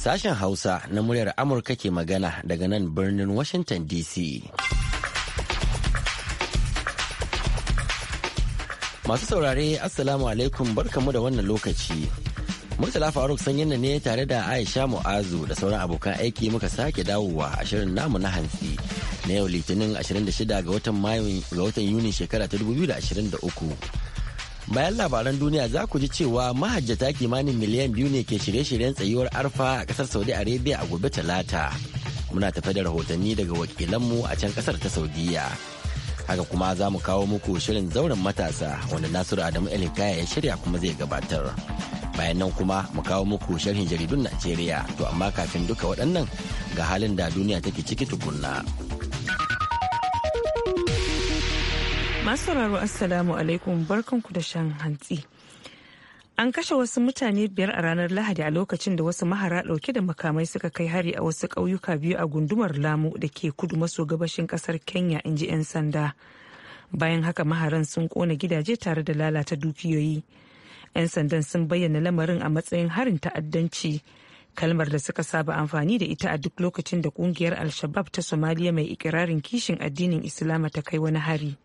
Sashen Hausa na muryar Amurka ke magana daga nan birnin Washington DC. Masu saurare Assalamu alaikum barkamu da wannan lokaci. Murtala Faruk sanyin ne tare da Aisha Mu'azu da sauran abokan aiki muka sake dawowa a shirin namu na hantsi na yau Litinin 26 ga watan Yuni shekara ta 2023. bayan labaran duniya za ku ji cewa mahajjata kimanin miliyan biyu ne ke shirye-shiryen tsayuwar arfa a kasar saudi arabia a gobe talata muna tafe da rahotanni daga wakilanmu a can kasar ta saudiya haka kuma za mu kawo muku shirin zauren matasa wanda nasiru adamu elikaya ya shirya kuma zai gabatar bayan nan kuma mu kawo muku sharhin jaridun najeriya to amma kafin duka waɗannan ga halin da duniya take ciki tukunna. Masu sauraro Assalamu alaikum barkanku da shan hantsi. An kashe wasu mutane biyar a ranar Lahadi a lokacin da wasu mahara ɗauke da makamai suka kai hari a wasu ƙauyuka biyu a gundumar Lamu da ke kudu maso gabashin ƙasar Kenya in ji 'yan sanda. Bayan haka maharan sun kona gidaje tare da lalata dukiyoyi. 'Yan sandan sun bayyana lamarin a matsayin harin ta'addanci. kalmar da suka saba amfani da ita a duk lokacin da kungiyar al-shabab ta somaliya mai ikirarin kishin addinin islama ta kai wani hari.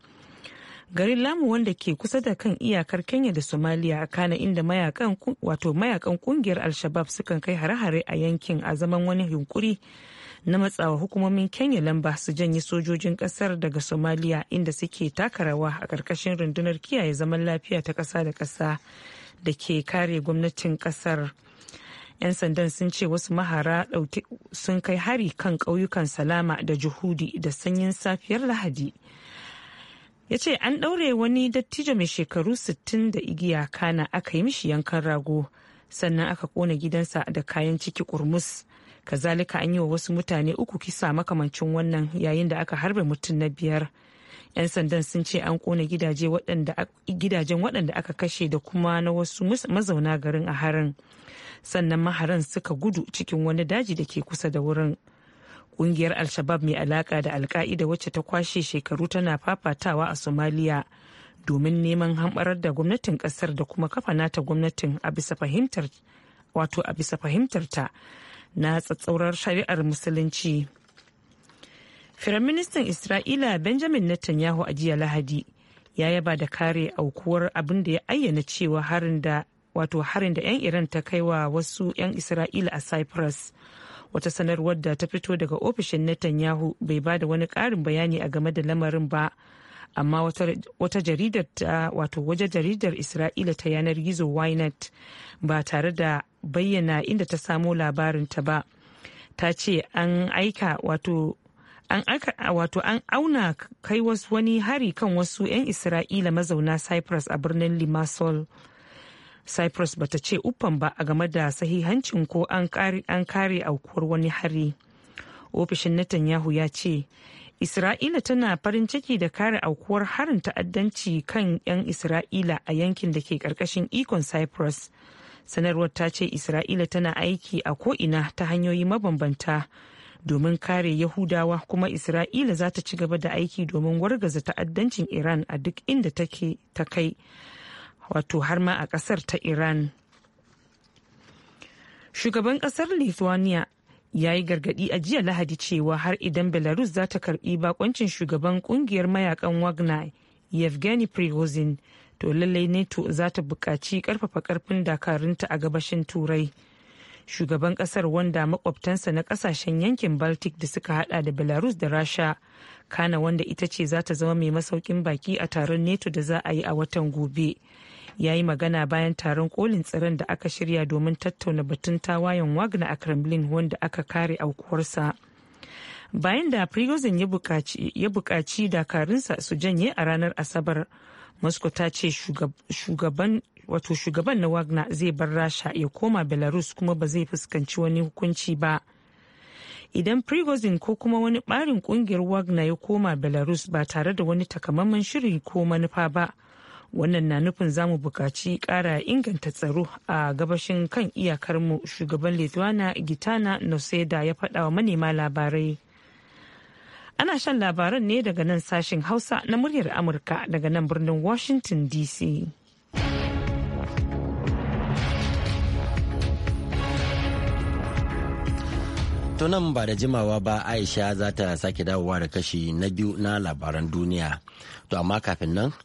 garin lamu wanda ke kusa da kan iyakar kenya da somalia a kana inda mayakan wato mayakan kungiyar al-shabab sukan kai hare-hare a yankin a zaman wani yunkuri na matsawa hukumomin kenya lamba su janye sojojin kasar daga somalia inda suke taka rawa a karkashin rundunar kiyaye zaman lafiya ta kasa da kasa da ke kare gwamnatin kasar 'yan sandan sun ce wasu mahara sun kai hari kan ƙauyukan salama da juhudi da sanyin safiyar lahadi ya ce an ɗaure wani dattijo mai shekaru 60 da igiya kana aka yi mishi yankan rago sannan aka kona gidansa da kayan ciki kurmus kazalika an yi wa wasu mutane uku kisa makamancin wannan yayin da aka harbe mutum na biyar 'yan sandan sun ce an kona gidajen waɗanda aka kashe da kuma na wasu mazauna garin a harin sannan maharan suka gudu cikin wani daji da ke kusa da wurin kungiyar al-shabab mai alaka da alka'ida wacce ta kwashe shekaru tana fafatawa a somaliya domin neman hamɓarar da gwamnatin ƙasar da kuma kafa nata gwamnatin a bisa fahimtar ta na tsatsaurar shari'ar musulunci firaministan isra'ila benjamin netanyahu a jiya lahadi ya yaba da kare aukuwar abin da ya ayyana cewa harin da wato harin da 'yan iran ta kai wa wasu 'yan isra'ila a cyprus wata sanarwar da ta fito daga ofishin netanyahu bai ba da wani ƙarin bayani a game da lamarin ba amma wata jaridar ta wato waje jaridar isra'ila ta yanar gizo ynet ba tare da bayyana inda ta samo labarin ta ba ta ce an aika wato an wato an auna kai wasu wani hari kan wasu 'yan isra'ila mazauna cyprus a birnin limassol cyprus ba ta ce uffan ba a game da sahihancin ko an kare aukuwar wani hari ofishin netanyahu ya ce isra'ila tana farin ciki da kare aukuwar harin ta'addanci kan 'yan isra'ila a yankin da ke karkashin ikon cyprus sanarwar ta ce isra'ila tana aiki a ko'ina ta hanyoyi mabambanta domin kare yahudawa kuma isra'ila za ta ci gaba da aiki domin wargaza ta'addancin iran a duk inda take ta kai wato har ma a kasar ta iran shugaban kasar lithuania ya yi gargadi a jiya lahadi cewa har idan belarus za ta karbi bakoncin shugaban kungiyar mayakan wagner yevgeny prigozhin to lallai neto za ta buƙaci karfafa karfin dakarunta a gabashin turai shugaban kasar wanda makwabtansa na kasashen yankin baltic da suka hada da belarus da rasha kana wanda ita ce za ta zama mai masaukin baki a taron neto da za a yi a watan gobe ya yi magana bayan taron kolin tsaron da aka shirya domin tattauna batun tawayen wagner a kremlin wanda aka kare aukuwarsa bayan da prigozhin ya buƙaci dakarunsa su janye a ranar asabar moscow ta ce shugaban wato shugaban na wagner zai bar rasha ya koma belarus kuma ba zai fuskanci wani hukunci ba idan prigozhin ko kuma wani barin kungiyar wagner ya koma belarus ba tare da wani takamaiman shiri ko manufa ba wannan na nufin za mu buƙaci kara inganta tsaro a gabashin kan iyakarmu shugaban lithuania gitana noseda ya faɗa wa manema labarai ana shan labaran ne daga nan sashen hausa na muryar amurka daga nan birnin washington dc tunan ba da jimawa ba aisha za ta sake dawowa da kashi na biyu na labaran duniya to amma kafin nan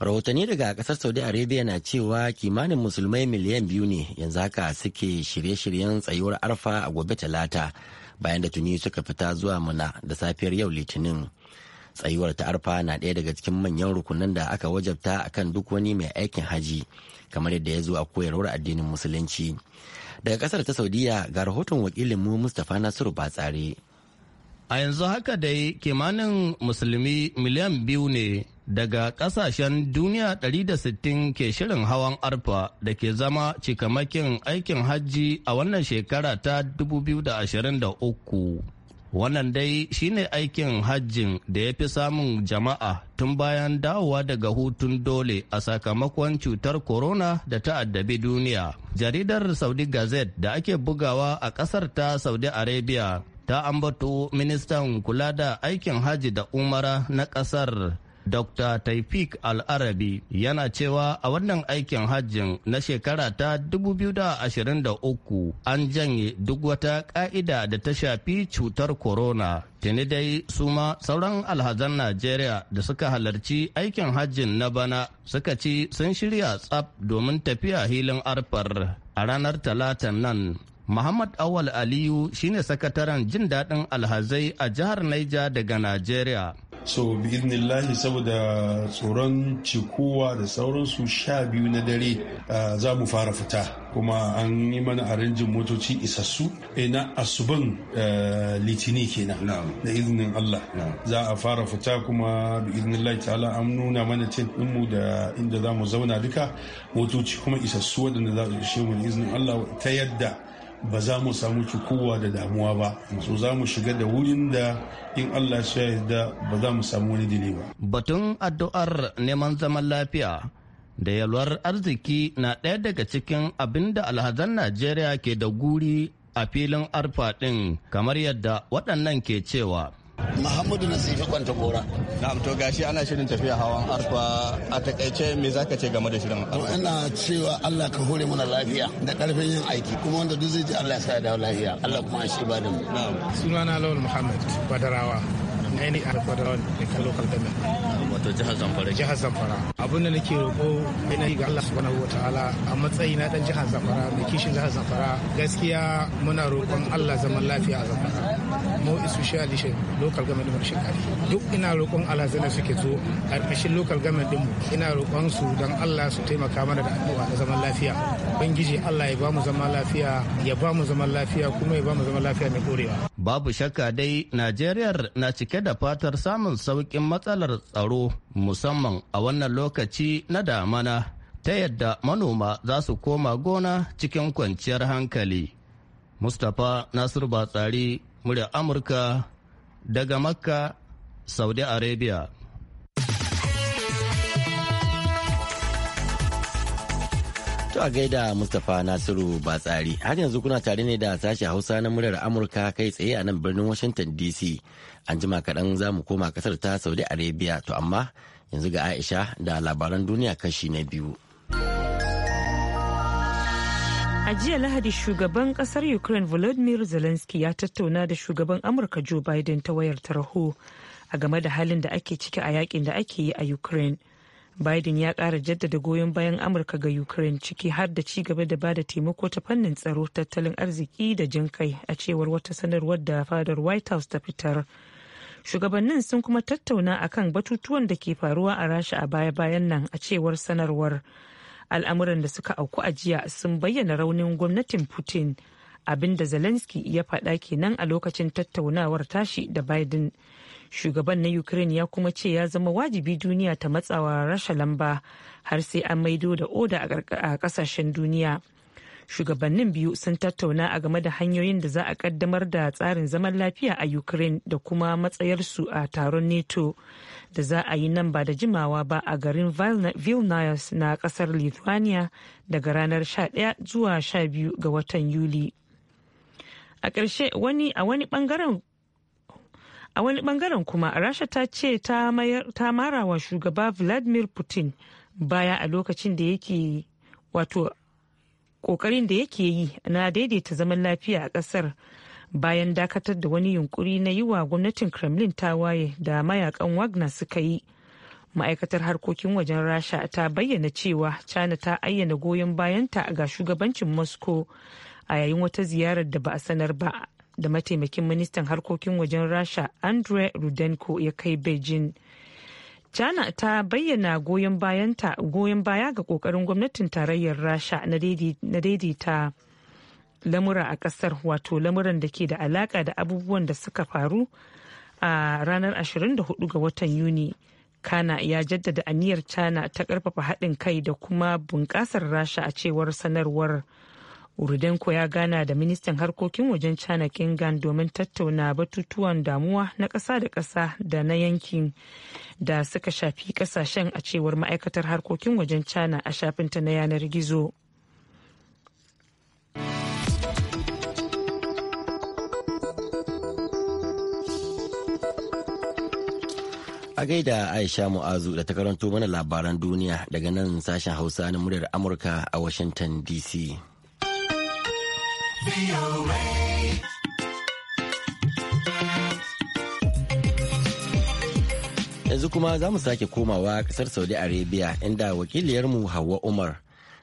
rahotanni daga kasar saudi arabia na cewa kimanin musulmai miliyan biyu ne yanzu haka suke shirye-shiryen tsayuwar arfa a gobe talata bayan da tuni suka fita zuwa muna da safiyar yau litinin tsayuwar ta arfa na ɗaya daga cikin manyan rukunan da aka wajabta akan duk wani mai aikin haji kamar yadda ya zo a koyarwar addinin musulunci daga kasar ta saudiya ga rahoton wakilinmu mustapha nasiru batsare a yanzu haka dai kimanin musulmi miliyan biyu ne daga kasashen duniya 160 ke shirin hawan arfa da ke zama cikamakin aikin hajji a wannan shekara ta 2023 wannan dai shine aikin hajjin da ya fi samun jama'a tun bayan dawowa daga hutun dole a sakamakon cutar corona da ta addabi duniya jaridar saudi gazette da ake bugawa a ƙasar ta saudi arabia ta ambato ministan kula da aikin hajji da umara na ƙasar. Dr. Taifik Al-Arabi yana cewa a wannan aikin hajjin na shekara ta 2023 an janye duk wata ka'ida da ta shafi cutar corona. Tini dai su ma sauran alhazan Najeriya da suka halarci aikin hajjin na bana suka ci sun shirya tsaf domin tafiya hilin arfar a ranar talatan nan Muhammad Awal Aliyu shine sakataren jin daɗin alhazai a jihar Naija daga Najeriya. so bi lahi saboda tsoron cikowa da sauransu sha biyu na dare ah, za mu fara fita kuma an yi mana arinjin motoci isassu ina eh, asuban eh, litini kenan da izinin Allah za a fara fita kuma bi lahi ta'ala an nuna mana cin mu da inda za mu zauna duka motoci kuma isassu waɗanda za su ishe mu da izinin Allah ta yadda ba za mu samu cikowa da damuwa ba so za mu shiga da wurin da in Allah ya da ba za mu samu wani dile ba batun addu'ar neman zaman lafiya da yalwar arziki na ɗaya daga cikin abinda da alhazan Najeriya ke da guri a filin arfa ɗin kamar yadda waɗannan ke cewa Muhammadu Nasifi Kwanta Gora. Na'am to gashi ana shirin tafiya hawan arfa a takaice me zaka ce game da shirin arfa? Ina cewa Allah ka hore mana lafiya da karfin yin aiki kuma wanda duk zai ji Allah ya sa dawo lafiya Allah kuma shi ba da mu. Sunana Lawal Muhammad Badarawa. na yanayi a federal da local government wato jihar zamfara jihar zamfara abin da nake roƙo yi ga allah subhanahu wa ta'ala a matsayi na dan jihar zamfara mai kishin jihar zamfara gaskiya muna roƙon allah zaman lafiya a zamfara mu isu shi local government mun duk ina roƙon alhazana suke zo ƙarƙashin local government din mu ina roƙon su don Allah su taimaka mana da addu'a na zaman lafiya ubangiji Allah ya ba mu zaman lafiya ya ba mu zaman lafiya kuma ya ba mu zaman lafiya mai dorewa babu shakka dai Najeriya na cike da fatar samun saukin matsalar tsaro musamman a wannan lokaci na damana ta yadda manoma za su koma gona cikin kwanciyar hankali. Mustapha Nasiru Batsari muryar Amurka daga Makka, Saudi Arabia. To a gaida Mustapha Nasiru tsari har yanzu kuna tare ne da sashi Hausa na muryar Amurka kai tsaye a nan birnin Washington DC. An jima kaɗan za mu koma ƙasar ta Saudi Arabia to amma yanzu ga Aisha da labaran duniya kashi na biyu. A jiya Lahadi shugaban kasar Ukraine Volodymyr Zelensky ya tattauna da shugaban Amurka Joe Biden ta wayar tarho a game da halin da ake ciki a yakin da ake yi a Ukraine. Biden ya ƙara jaddada goyon bayan Amurka ga Ukraine ciki har da ci gaba da bada taimako ta fannin tsaro tattalin arziki da jin kai a cewar wata sanarwar da fadar White House ta fitar. Shugabannin sun kuma tattauna akan batutuwan da ke faruwa a Rasha a baya-bayan nan a cewar sanarwar. al'amuran da suka auku a jiya sun bayyana raunin gwamnatin putin abinda zelensky ya faɗa kenan a lokacin tattaunawar tashi da biden shugaban na ukraine ya kuma ce ya zama wajibi duniya ta matsawa rasha lamba har sai an maido da oda a ƙasashen duniya shugabannin biyu sun tattauna a game da hanyoyin da za a kaddamar da tsarin zaman lafiya a ukraine da kuma matsayarsu a taron nato da za a yi nan ba da jimawa ba a garin vilnius na kasar lithuania daga ranar 11 zuwa 12 ga watan yuli a ƙarshe wani a wani bangaren a wani bangaren kuma rasha ta ce ta mara wa shugaba vladimir putin baya a lokacin da yake wato kokarin da yake yi na daidaita zaman lafiya a kasar bayan dakatar da wani yunkuri na yi wa gwamnatin kremlin ta waye da mayakan wagner suka yi ma'aikatar harkokin wajen rasha ta bayyana cewa china ta ayyana goyon bayanta ga shugabancin moscow a yayin wata ziyarar da ba a sanar ba da mataimakin ministan harkokin wajen rasha andre rudenko ya kai beijing China ta bayyana goyon bayanta goyon baya ga kokarin gwamnatin tarayyar Rasha na daidaita lamura a kasar wato lamuran da ke da alaka da abubuwan da suka faru a ranar 24 ga watan Yuni. Kana ya jaddada aniyar chana ta karfafa haɗin kai da kuma bunƙasar Rasha a cewar sanarwar. urudenko ya gana da ministan harkokin wajen china kingan domin tattauna batutuwan damuwa na ƙasa da ƙasa da na yankin da suka shafi ƙasashen a cewar ma'aikatar harkokin wajen china a shafinta na yanar gizo a gaida aisha mu'azu da ta karanto mana labaran duniya daga nan sashen hausa na muryar amurka a washington dc yanzu kuma za mu sake komawa kasar saudi arabia inda wakiliyarmu hawa umar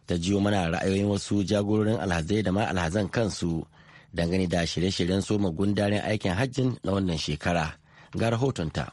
ta jiyo mana ra'ayoyin wasu jagororin alhazai da ma alhazan kansu dangane da shirye-shiryen soma gundarin aikin hajjin na wannan shekara ga rahotonta.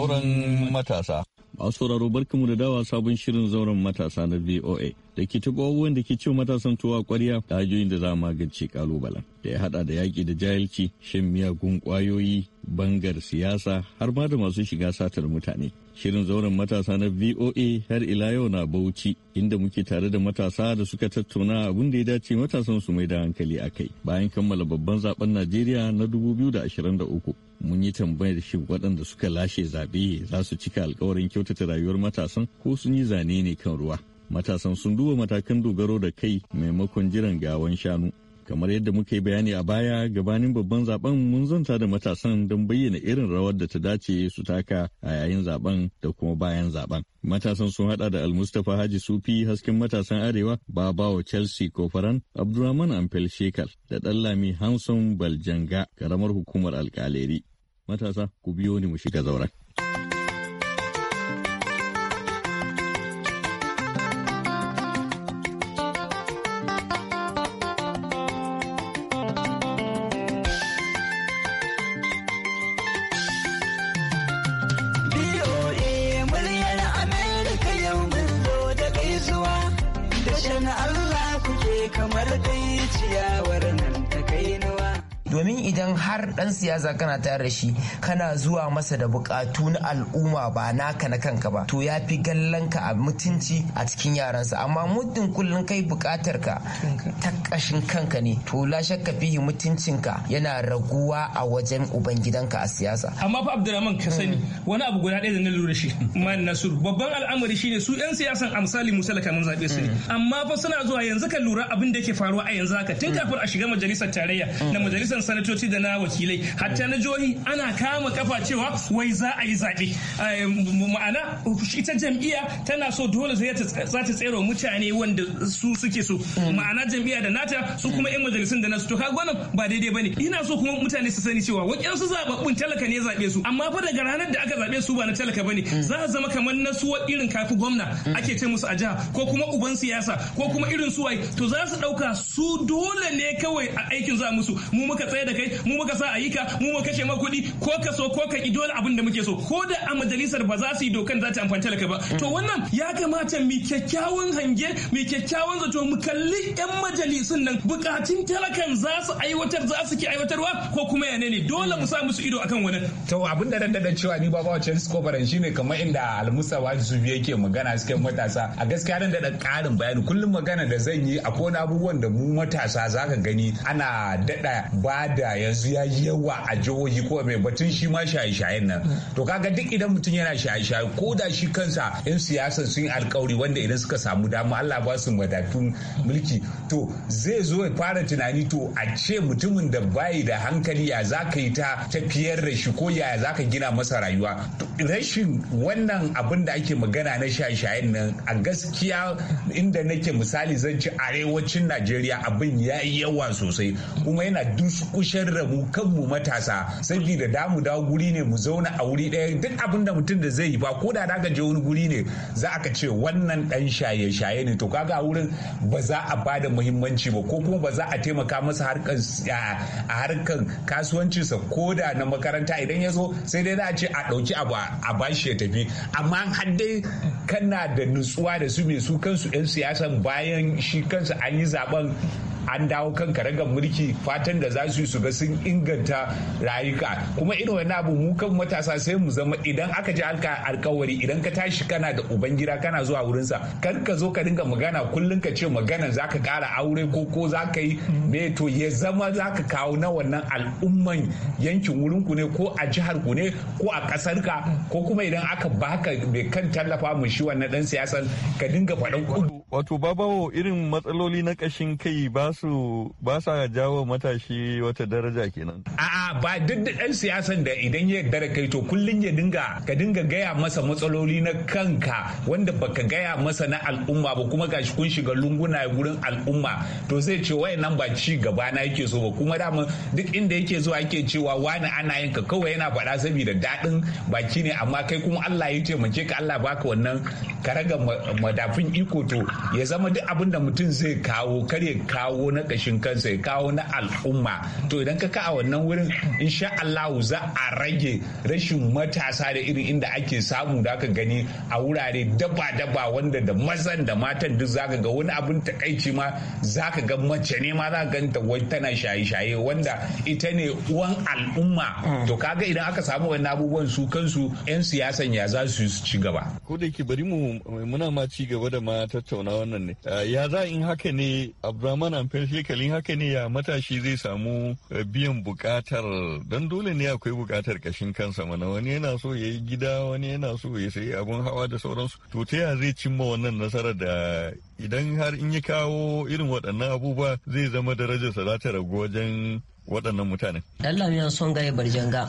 zauren matasa. Masu sauraro barkamu da dawa sabon shirin zauren matasa na VOA da ke taɓa abubuwan da ke ce matasan tuwa ƙwarya da hanyoyin da za a magance ƙalubalen da ya haɗa da yaƙi da jahilci, shan miyagun ƙwayoyi, bangar siyasa har ma da masu shiga satar mutane. Shirin zauren matasa na VOA har ila yau na Bauchi inda muke tare da matasa da suka tattauna abin da ya dace matasan su mai da hankali a kai. Bayan kammala babban zaben Najeriya na 2023 mun yi tambayar shi waɗanda suka lashe zaɓe za su cika alkawarin kyautata rayuwar matasan ko sun yi zane ne kan ruwa. Matasan sun duba matakan dogaro da kai maimakon jiran gawan shanu kamar yadda muka yi bayani a baya gabanin babban zaben mun zanta da matasan don bayyana irin rawar da ta dace su taka a yayin zaben da kuma bayan zaben matasan sun hada da almustapha haji sufi hasken matasan arewa babawa chelsea kofaran abdurrahman amfel shekar da ɗanlami hanson baljanga karamar hukumar alkaleri matasa ku biyo ni mu shiga zauren kamar dai ciyawar domin idan har dan siyasa kana tare da shi kana zuwa masa da bukatu na al'umma ba naka na kanka ba to ya fi ka a mutunci a cikin yaransa amma muddin kullum kai bukatar ka ta kashin kanka ne to la shakka fihi mutuncinka yana raguwa a wajen ubangidanka a siyasa amma fa abdurrahman ka sani hmm. wani abu guda ɗaya da na lura shi man nasur babban al'amari shine su yan siyasan amsali musala kamun zabe su ne hmm. amma fa suna zuwa yanzu ka lura abin da yake faruwa a yanzu haka tun hmm. kafin a shiga majalisar tarayya na majalisar bangaren sanatoci da na wakilai hatta na jihohi ana kama kafa cewa wai za a yi zaɓe eh, ma'ana ita jam'iyya tana so dole zai za ta tsero mutane wanda su suke so mm. ma'ana jam'iyya da nata su kuma yan mm. majalisun da nasu to kaga wannan ba daidai bane ina so kuma mutane su sani cewa su zababbun talaka ne zaɓe su amma fa daga ranar da aka zaɓe su ba na talaka bane mm. za a zama kamar na su irin kafi gwamna ake ce musu a jiha ko kuma uban siyasa ko kuma irin su wai to za su ɗauka su dole ne kawai a aikin za musu mu muka tsaye da kai mu muka sa a yi mu muka kashe ma kuɗi ko ka so ko ka ki dole abin da muke so ko da a majalisar ba za su yi dokan za ta amfani talaka ba to mm. wannan ya kamata mi kyakkyawan hange mi kyakkyawan zato mu kalli yan majalisun nan bukatun talakan za su aiwatar za su ki aiwatarwa ko kuma yane ne dole mu sa musu ido akan wannan to abin da dan da cewa ni ba ba wacce skobaran shine kamar inda almusa zubi yake magana suke matasa a gaskiya dan da karin bayani kullum magana da zan yi akwai abubuwan da mu matasa zaka gani ana dada ba al'ada yanzu ya yi yawa a jihohi ko mai batun shi ma shaye-shayen nan to kaga duk idan mutum yana shaye-shaye ko da shi kansa yan siyasa sun yi alkawari wanda idan suka samu dama Allah ba su madatun mulki to zai zo ya fara tunani to a ce mutumin da bayi da hankali ya za ka yi ta tafiyar da shi ko ya za ka gina masa rayuwa rashin wannan abin da ake magana na shaye-shayen nan a gaskiya inda nake misali zan ci arewacin Najeriya abin ya yi yawa sosai kuma yana dusu kushen rabu kanmu matasa saboda damu dawo guri ne mu zauna a wuri ɗaya duk abin da mutum da zai yi ba ko da daga je wani guri ne za ka ce wannan dan shaye shaye ne to kaga a wurin ba za a ba da muhimmanci ba ko kuma ba za a taimaka masa harkan a harkan kasuwancinsa ko da na makaranta idan ya zo sai dai za a ce a ɗauki abu a bashi ya tafi amma har dai kana da nutsuwa da su me su kansu 'yan siyasan bayan shi kansu an yi zaben an dawo kan karagar mulki fatan da za su yi su ga sun inganta rayuka kuma irin wani abu mu kan matasa sai mu zama idan aka ji alkawari idan ka tashi kana da ubangida kana zuwa wurinsa kar ka zo ka dinga magana kullum ka ce magana za ka kara aure ko ko za ka yi me to ya zama za ka kawo na wannan al'umman yankin wurin ku ne ko a jihar ku ne ko a kasar ka ko kuma idan aka baka mai kan tallafa mu shi wannan dan siyasan ka dinga faɗan kudu wato babawo irin matsaloli na kashin kai ba nasu ba sa jawo matashi wata daraja kenan. A'a ba duk da ɗan siyasan da idan ya yarda kai to kullum ya dinga ka dinga gaya masa matsaloli na kanka wanda baka gaya masa na al'umma ba kuma gashi kun shiga lunguna gurin al'umma to zai ce nan ba ci gaba na yake so ba kuma dama duk inda yake zuwa yake cewa wani ana yin ka kawai yana faɗa saboda daɗin baki ne amma kai kuma Allah ya taimake ka Allah baka wannan karaga madafin iko to ya zama duk abin da mutum zai kawo kar ya kawo kawo na ƙashin kansa ya kawo na al'umma to idan ka ka a wannan wurin insha Allah za a rage rashin matasa da irin inda ake samu da aka gani a wurare daba-daba wanda da mazan da matan duk zaka ga wani abin takaici ma zaka ga mace ne ma za ganta wai tana shaye-shaye wanda ita ne uwan al'umma mm. to kaga idan aka samu wannan abubuwan su kansu 'yan siyasan ya za su ci gaba. Ko da yake bari mu muna ma ci gaba da ma tattauna wannan ne. Ah, ya za in haka ne Abdulrahman shekalin haka ne ya matashi zai samu eh, biyan bukatar don dole ne akwai bukatar kashin kansa mana wani yana so ya yi gida wani yana so ya sayi abun hawa da sauransu to ta ya zai cimma wannan nasarar da idan har in ya kawo irin waɗannan abubuwa zai zama darajarsa za ta ragu wajen waɗannan mutanen. Allah ya son gare barjanga.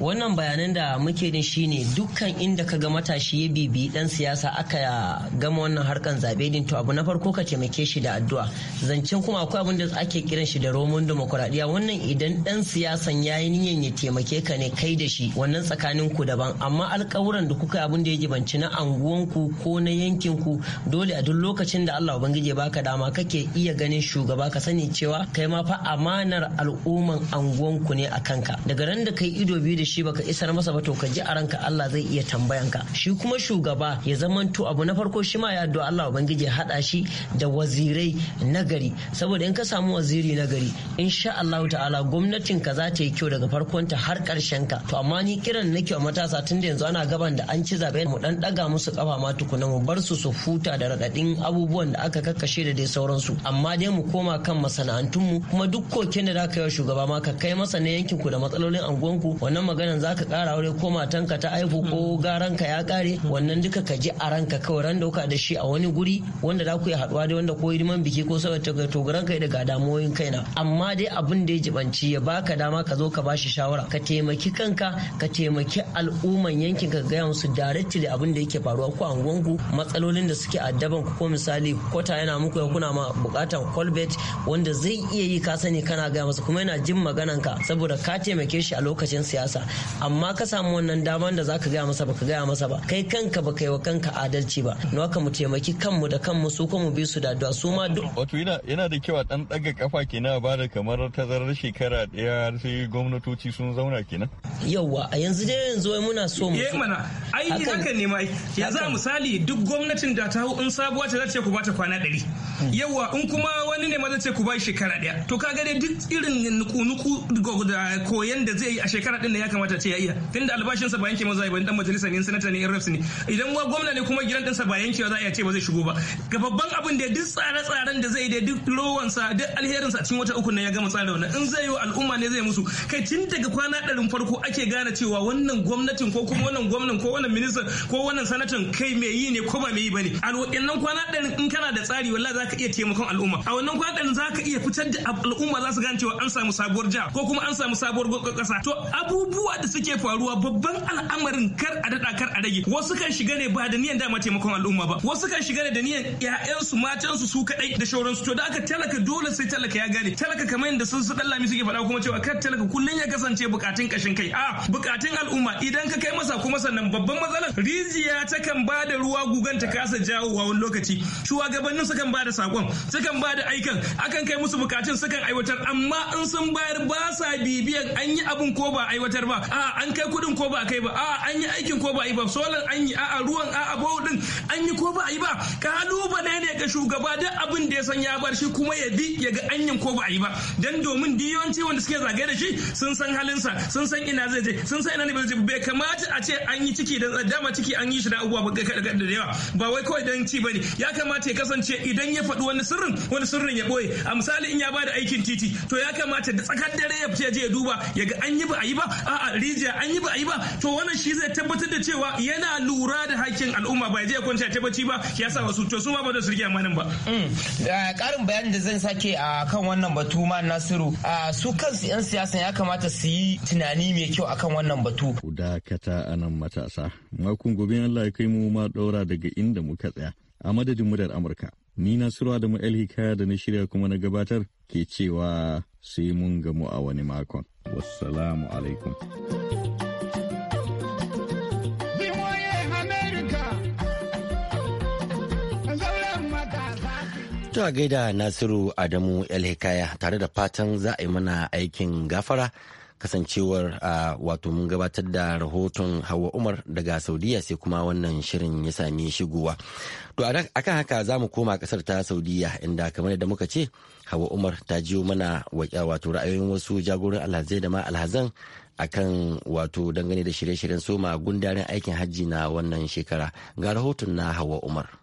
Wannan bayanan da muke shi shine dukkan inda ka ga matashi ya bibi dan siyasa aka gama wannan harkan zabe din to abu na farko ka taimake shi da addu'a. Zancen kuma akwai abin da ake kiran shi da roman demokuraɗiyya wannan idan dan siyasan ya yi niyan ya taimake ka ne kai da shi wannan tsakanin ku daban amma alkawuran da kuka abin da ya jibanci na anguwanku ko na yankinku dole a duk lokacin da Allah ubangiji ya baka dama kake iya ganin shugaba ka sani cewa kai ma fa amanar al'umma hukuman anguwanku ne a kanka daga ran da kai ido biyu da shi baka isar masa ba to ka ji a ranka Allah zai iya tambayanka shi kuma shugaba ya zamanto abu na farko shi ma ya addu'a Allah ubangiji ya hada shi da wazirai nagari saboda in ka samu waziri nagari insha Allah ta'ala gwamnatin ka za ta yi kyau daga farkon ta har karshen ka to amma ni kiran nake wa matasa tun da yanzu ana gaban da an ci zabe mu dan daga musu kafa ma tukuna mu bar su su huta da radadin abubuwan da aka kakkashe da dai sauransu amma dai mu koma kan masana'antunmu kuma duk koken da zaka yi wa shugaba ma ka kai masa ne yankin ku da matsalolin anguwan ku wannan maganan zaka kara aure ko matanka ta aihu ko mm. garan ka ya kare mm. wannan duka ka ji a ranka kawai ran dauka da shi a wani guri wanda za ku yi haduwa dai wanda ko hidiman biki ko saboda togaran kai daga damuwoyin kaina amma dai abin da ya jibanci ya baka dama ka zo ka ba shi shawara ka taimaki kanka ka taimaki al'umman yankin ka gaya musu directly abin da yake faruwa ko anguwan ku matsalolin da suke addaban ku ko misali kota yana muku ya kuna ma bukatan colbert wanda zai iya yi ka sani kana gaya masa kuma yana yana jin maganan ka saboda ka taimake shi a lokacin siyasa amma ka samu wannan daman da zaka gaya masa baka gaya masa ba kai kanka baka yi wa kanka adalci ba na haka mu taimaki kanmu da kanmu su kuma mu bi su da addu'a su ma duk wato yana yana da kyau a dan daga kafa kenan ba da kamar tazarar shekara daya sai gwamnatoci sun zauna kenan yawwa a yanzu dai yanzu muna so mu eh mana ai haka ne mai yanzu a misali duk gwamnatin da ta in sabuwa ta zace ku bata kwana 100 yawwa in kuma wani ne ma zace ku bai shekara daya to kaga dai duk irin nuku-nuku koyan da zai yi a shekara din da ya kamata ce ya iya da albashinsa ba yanke maza ba dan majalisa ne sanata ne refs ne idan wa gwamna ne kuma gidan dinsa ba yankewa za a iya ce ba zai shigo ba ga babban abin da duk tsare-tsaren da zai yi da duk lowansa duk alherinsa a cikin wata uku ne ya gama tsara wannan in zai yi al'umma ne zai musu kai tun daga kwana ɗarin farko ake gane cewa wannan gwamnatin ko kuma wannan gwamnan ko wannan ministan ko wannan sanatan kai mai yi ne ko ba mai yi bane a wannan kwana ɗarin in kana da tsari wallahi ka iya taimakon al'umma a wannan kwana ɗarin ka iya fitar da al'umma za su gane cewa an samu samu sabuwar jiha ko kuma an samu sabuwar kasa to abubuwa da suke faruwa babban al'amarin kar a dada kar a rage wasu kan shiga ne ba da niyan dama taimakon al'umma ba wasu kan shiga ne da niyan ƴaƴansu matansu su kadai da shauransu to da aka talaka dole sai talaka ya gane talaka kamar yadda sun su dallami suke faɗa kuma cewa kar talaka kullun ya kasance bukatun kashin kai a bukatun al'umma idan ka kai masa kuma sannan babban matsalar rijiya ta kan ba da ruwa gugan ta kasa jawo wani lokaci shugabannin kan ba da sakon kan ba da aikan akan kai musu bukatun kan aiwatar amma in sun sun bayar ba sa bibiyar an yi abin ko ba aiwatar ba a an kai kuɗin ko ba a kai ba a an yi aikin ko ba a yi ba solar an yi a ruwan a a din an yi ko ba a yi ba kalubale ne ga shugaba duk abin da ya san ya bar shi kuma ya bi ya ga yi ko ba a yi ba dan domin diyonci wanda suke zagaye da shi sun san halinsa sun san ina zai je sun san ina ne bai bai kamata a ce an yi ciki dan dama ciki an yi shi da abubuwa ba da yawa ba wai kawai dan ci bane ya kamata ya kasance idan ya faɗi wani sirrin wani sirrin ya boye a misali in ya bada aikin titi to ya kamata da tsakar dare ya fita je duba ya ga an yi ba a yi ba a'a rijiya an yi ba a yi ba to wannan shi zai tabbatar da cewa yana lura da hakkin al'umma ba ya je ya kwanta ta bacci ba ya sa wasu to su ma ba da su rike amanin ba karin mm. bayanin da zan sake a kan wannan batu ma nasiru su kansu 'yan siyasa ya kamata su yi tunani mai kyau akan wannan batu dakata a nan matasa makon gobe Allah ya kai mu ma daura daga inda muka tsaya a madadin muryar amurka Ni Nasiru Adamu Hikaya da na shirya kuma na gabatar ke cewa sai mun gamu a wani makon. Wassalamu alaikum. To a gaida Nasiru Adamu Hikaya tare da fatan za a yi mana aikin gafara kasancewar wato mun gabatar da rahoton hawa umar daga saudiya sai kuma wannan shirin ya sami shigowa to a akan haka za mu koma kasar ta saudiya inda kamar da muka ce hawa umar ta jiyo mana wato ra'ayoyin wasu jagoran alhazai da ma alhazan akan wato dangane da shirye-shiryen soma gundarin aikin hajji na wannan shekara ga rahoton na hawa umar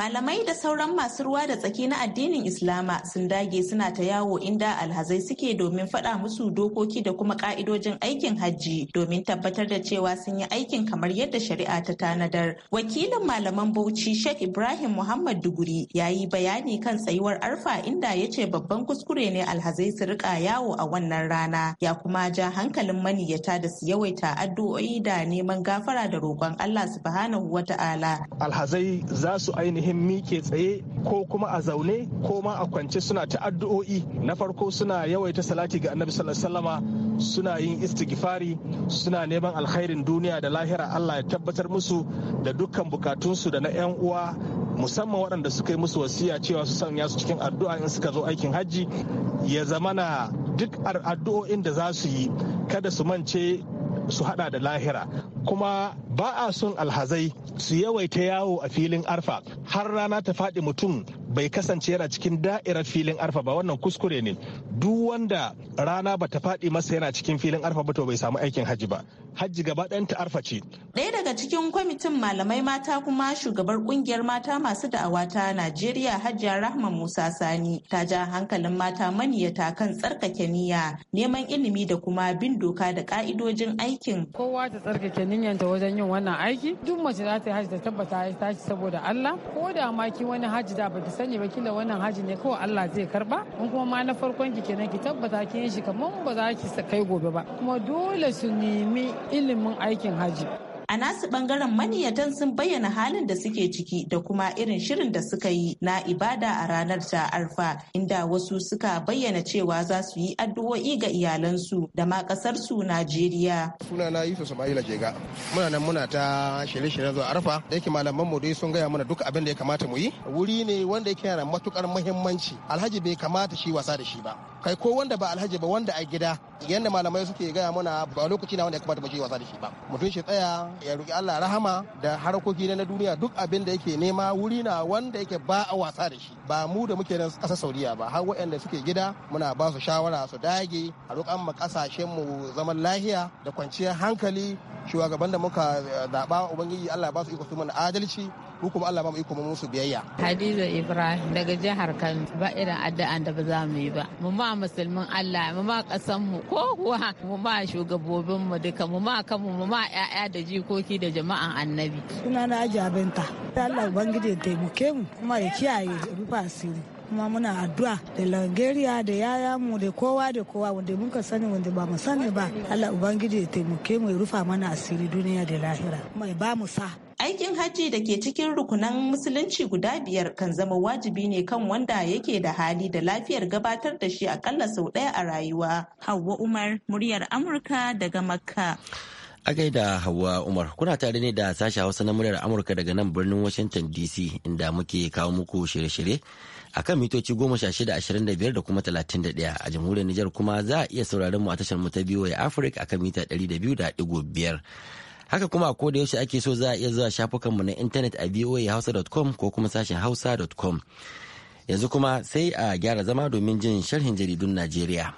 Malamai da sauran masu ruwa da tsaki na addinin Islama sun dage suna ta yawo inda alhazai suke domin faɗa musu dokoki da kuma ƙa'idojin aikin hajji domin tabbatar da cewa sun yi aikin kamar yadda shari'a ta tanadar. Wakilin malaman Bauchi Sheikh Ibrahim Muhammad Duguri ya yi bayani kan tsayuwar arfa inda ya ce babban kuskure ne alhazai su rika yawo a wannan rana ya kuma ja hankalin maniyyata da su yawaita addu'o'i da neman gafara da roƙon Allah subhanahu ta'ala. Alhazai za su ainihin ainihin mike tsaye ko kuma a zaune ko ma a kwance suna ta addu'o'i na farko suna yawaita salati ga annabi sallallahu suna yin istighfari suna neman alkhairin duniya da lahira Allah ya tabbatar musu da dukkan bukatunsu da na 'yan uwa musamman waɗanda suka yi musu wasiya cewa su sanya su cikin addu'a in suka zo aikin hajji ya zamana duk addu'o'in da za su yi kada su mance su hada da lahira kuma ba a son alhazai su yawaita yawo a filin arfa har rana ta faɗi mutum bai kasance yana cikin da'irar filin arfa ba wannan kuskure ne duk wanda rana bata faɗi masa yana cikin filin arfa ba to bai samu aikin hajji ba hajji gaba ta arfa ce ɗaya daga cikin kwamitin malamai mata kuma shugabar kungiyar mata masu da'awa ta najeriya hajiya rahma musa sani ta ja hankalin mata maniyata kan tsarkake niyya neman ilimi da kuma bin doka da ka'idojin aikin kowa ta tsarkake niyyanta wajen yin wannan aiki duk mace za ta yi hajji ta tabbata ta ci saboda allah ko da ma ki wani hajji da baki sani ba kila wannan hajji ne kawai Allah zai karba in kuma ma na farkon ki kenan ki tabbata kin shi kamar ba za ki kai gobe ba kuma dole su nemi ilimin aikin hajji. a nasu bangaren maniyatan sun bayyana halin da suke ciki da kuma irin shirin da suka yi na ibada a ranar ta arfa inda wasu suka bayyana cewa za su yi addu'o'i ga iyalansu da ma kasar su najeriya sunana yusuf sama'ila jega muna nan muna ta shirye-shiryen zuwa arfa da yake malaman mu dai sun gaya mana duk abin da ya kamata mu yi wuri ne wanda yake yana matukar muhimmanci alhaji bai kamata shi wasa da shi ba kai ko wanda ba alhaji ba wanda a gida yadda malamai suke gaya mana ba lokaci na wanda ya kamata ba yi wasa da shi ba mutum shi tsaya ya roki Allah rahama da harkoki na duniya duk abin da yake nema wuri na wanda yake ba a wasa da shi ba mu da muke nan ƙasar Saudiya ba har waɗanda suke gida muna ba su shawara su dage a roƙan mu ƙasashen mu zaman lahiya da kwanciyar hankali shugaban da muka eh, zaɓa ubangiji Allah ba su iko su mana adalci mu kuma Allah ba mu iko mu musu biyayya Hadiza Ibrahim daga jihar Kano ba irin addu'an da ba za mu yi ba mu ma musulmin Allah mu ma kasan mu ko kuwa mu ma shugabobin mu duka mu ma kanmu mu ma ƴaƴa da jikoki da jama'an annabi Suna na Ajabinta Allah ubangiji ya taimake mu kuma ya kiyaye rufa asiri kuma muna addu'a da langeriya da yaya mu da kowa da kowa wanda mun ka sani wanda ba mu sani ba Allah ubangiji ya taimake mu ya rufa mana asiri duniya da lahira mai ba mu sa Aikin hajji da ke cikin rukunan musulunci guda biyar kan zama wajibi ne kan wanda yake da hali da lafiyar gabatar da shi akalla sau ɗaya a rayuwa. Hauwa Umar, muryar Amurka daga Makka. A gaida Hauwa Umar, kuna tare ne da sashen Hausa na muryar Amurka daga nan birnin Washington DC inda muke kawo muku shirye-shirye. a kan mitoci goma sha shida ashirin da biyar da kuma talatin da ɗaya a jamhuriyar Nijar kuma za a iya sauraron mu a tashar mu ta biyu ya Afirka a kan mita ɗari da biyu da ɗigo biyar. Haka kuma a da yaushe ake so za a iya zuwa shafukanmu na intanet a voahausa.com ko kuma sashen hausa.com. Yanzu kuma sai a gyara zama domin jin sharhin jaridun Najeriya.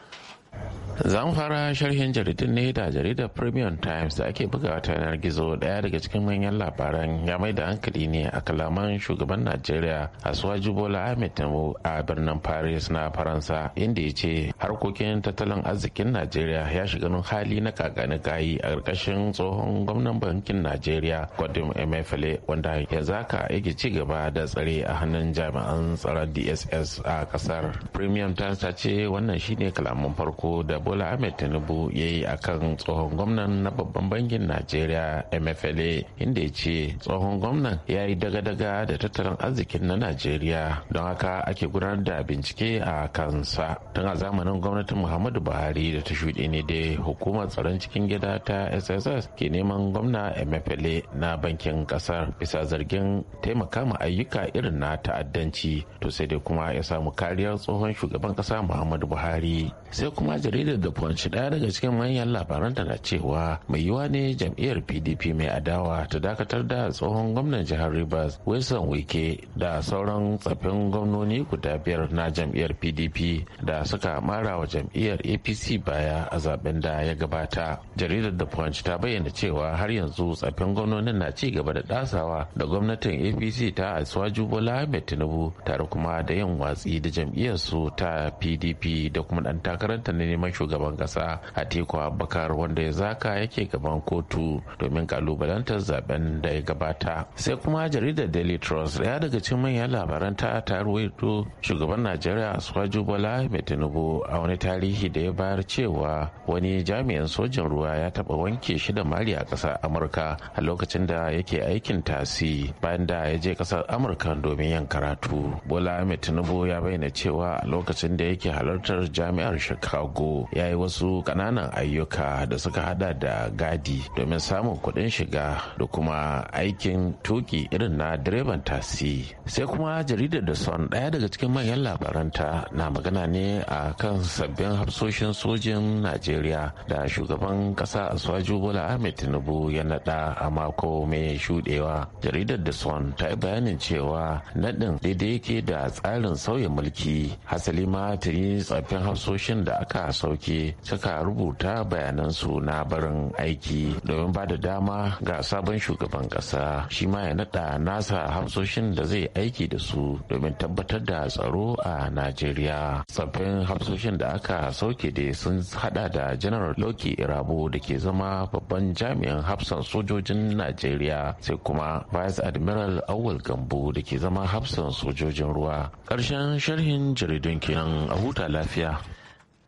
Za fara sharhin jaridun ne da jaridar Premium Times da ake bugawa ta yanar gizo daya daga cikin manyan labaran ya mai da hankali ne a kalaman shugaban Najeriya Asuwaju Bola Ahmed Tinubu a birnin Paris na Faransa inda ya ce harkokin tattalin arzikin Najeriya ya shiga nun hali na kakani kayi a ƙarƙashin tsohon gwamnan bankin Najeriya Godwin Emefiele wanda yanzu haka yake ci gaba da tsare a hannun jami'an tsaron DSS a ƙasar. Premium Times ta ce wannan shine kalaman farko uku da bola ahmed tinubu ya yi a kan tsohon gwamnan na babban bankin najeriya mfla inda ya ce tsohon gwamnan ya yi daga-daga da tattalin arzikin na najeriya don haka ake gudanar da bincike a kansa tun a zamanin gwamnatin muhammadu buhari da ta shuɗe ne dai hukumar tsaron cikin gida ta sss ke neman gwamna mfla na bankin ƙasar bisa zargin taimaka ma ayyuka irin na ta'addanci to sai dai kuma ya samu kariyar tsohon shugaban ƙasa muhammadu buhari sai kuma kuma jaridar da punch daya daga cikin manyan labaranta na cewa mai yiwa ne jam'iyyar pdp mai adawa ta dakatar da tsohon gwamnan jihar rivers wilson wike da sauran tsafin gwamnoni guda biyar na jam'iyyar pdp da suka mara wa jam'iyyar apc baya a zaben da ya gabata jaridar da punch ta bayyana cewa har yanzu tsafin gwamnonin na ci gaba da dasawa da gwamnatin apc ta asuwa bola ahmed tinubu tare kuma da yin watsi da jam'iyyarsu ta pdp da kuma dan takaranta na neman shugaban kasa Atiku Abubakar wanda ya zaka yake gaban kotu domin kalubalantar zaben da ya gabata. Sai kuma jaridar Daily Trust daya daga cikin manyan labaran ta ta ruwaito shugaban Najeriya Asuwaju Bola Ahmed Tinubu a wani tarihi da ya bayar cewa wani jami'in sojin ruwa ya taba wanke shi da mali a ƙasar Amurka a lokacin da yake aikin tasi bayan da ya je ƙasar Amurka domin yin karatu. Bola Ahmed Tinubu ya bayyana cewa a lokacin da yake halartar jami'ar Chicago shago ya yi wasu kananan ayyuka da suka hada da gadi domin samun kuɗin shiga da kuma aikin tuki irin na direban tasi sai kuma jaridar da son ɗaya daga cikin manyan labaranta na magana ne a kan sabbin hafsoshin sojin najeriya da shugaban ƙasa aswaju bola ahmed tinubu ya naɗa a mako mai shuɗewa jaridar da son ta yi bayanin cewa naɗin daidai yake da tsarin sauya mulki hasali ma ta yi tsaffin hafsoshin da aka a sauke suka rubuta bayanansu na barin aiki domin ba da dama ga sabon shugaban ƙasa, shi ma ya nada nasa hafsoshin da zai aiki da su domin tabbatar da tsaro a najeriya tsaffin hafsoshin da aka sauke da sun hada da general loki irabo da ke zama babban jami'in hafsan sojojin najeriya sai kuma vice admiral awul gambo da ke zama hafsan sojojin ruwa Karshen sharhin jaridun kenan a huta lafiya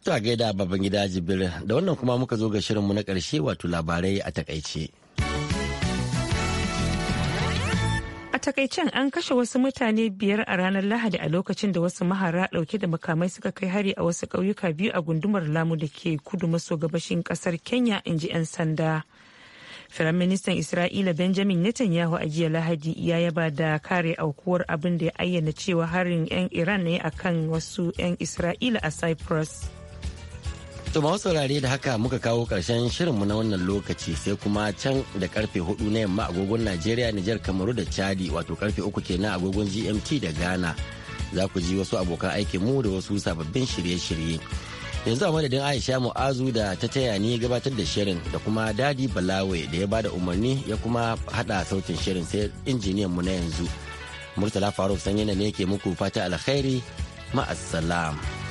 Ta gaida baban gida Jibir da wannan kuma muka zo ga shirinmu na ƙarshe wato labarai a takaice. A takaicen an kashe wasu mutane biyar a ranar Lahadi a lokacin da wasu mahara ɗauke da makamai suka kai hari a wasu ƙauyuka biyu a gundumar Lamu da ke kudu maso gabashin ƙasar Kenya in ji 'yan sanda. Firaministan Isra'ila Benjamin Netanyahu a jiya Lahadi ya yaba da kare aukuwar abin da ya ayyana cewa harin 'yan Iran ne akan wasu 'yan Isra'ila a Cyprus. To ma saurare da haka muka kawo karshen shirinmu na wannan lokaci sai kuma can da karfe hudu na yamma agogon Najeriya, Nijar, Kamaru da Chadi wato karfe uku kenan agogon GMT da Ghana. Za ku ji wasu abokan aikin mu da wasu sababbin shirye-shirye. Yanzu a madadin Aisha Mu'azu da ta taya ni gabatar da shirin da kuma Dadi Balawe da ya bada umarni ya kuma hada sautin shirin sai injiniyan mu na yanzu. Murtala Faruk Sanyina ne ke muku fata alkhairi ma'assalam.